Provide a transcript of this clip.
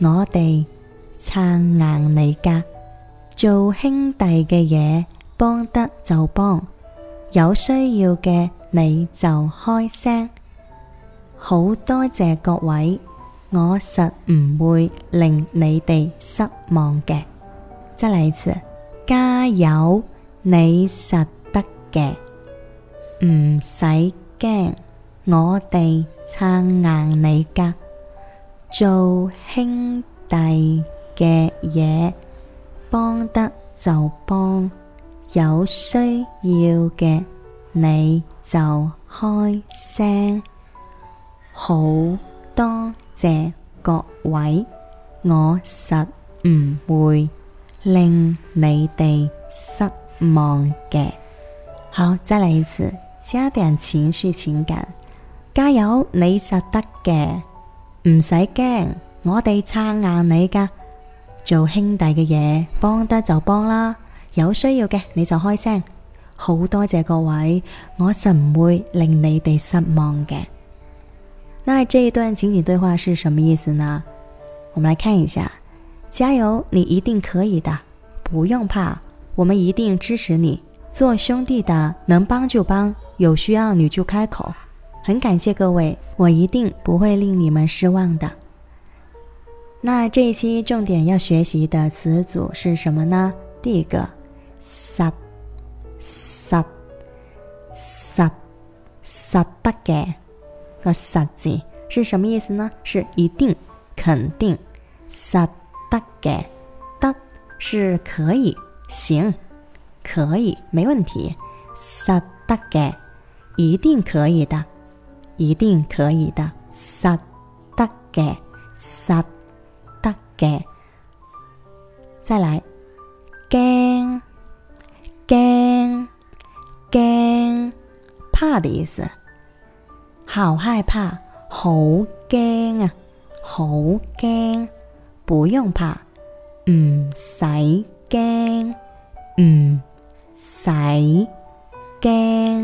我哋撐硬你噶，做兄弟嘅嘢，幫得就幫，有需要嘅你就開聲。好多謝各位，我實唔會令你哋失望嘅。再嚟一次，加油！你實得嘅，唔使驚，我哋撐硬你噶。做兄弟嘅嘢，幫得就幫，有需要嘅你就開聲。好多謝各位，我實唔會令你哋失望嘅。好，再嚟一次，加點情緒情感㗎，加油，你實得嘅。唔使驚，我哋撐硬你噶。做兄弟嘅嘢，幫得就幫啦，有需要嘅你就開聲。好多謝各位，我就唔會令你哋失望嘅。那這一段情景對話是什麼意思呢？我們來看一下。加油，你一定可以的，不用怕，我們一定支持你。做兄弟的，能幫就幫，有需要你就開口。很感謝各位，我一定不會令你們失望的。那這一期重點要學習的詞組是什麼呢？第一個“實實實實得嘅”個“實”字是什麼意思呢？是一定肯定“實得嘅”，“得”是可以行，可以沒問題，“實得嘅”一定可以的。一定可以的，實得嘅，實得嘅。再來，驚驚驚，怕的意思。好害怕，好驚啊，好驚。不用怕，唔使驚，唔使驚。嗯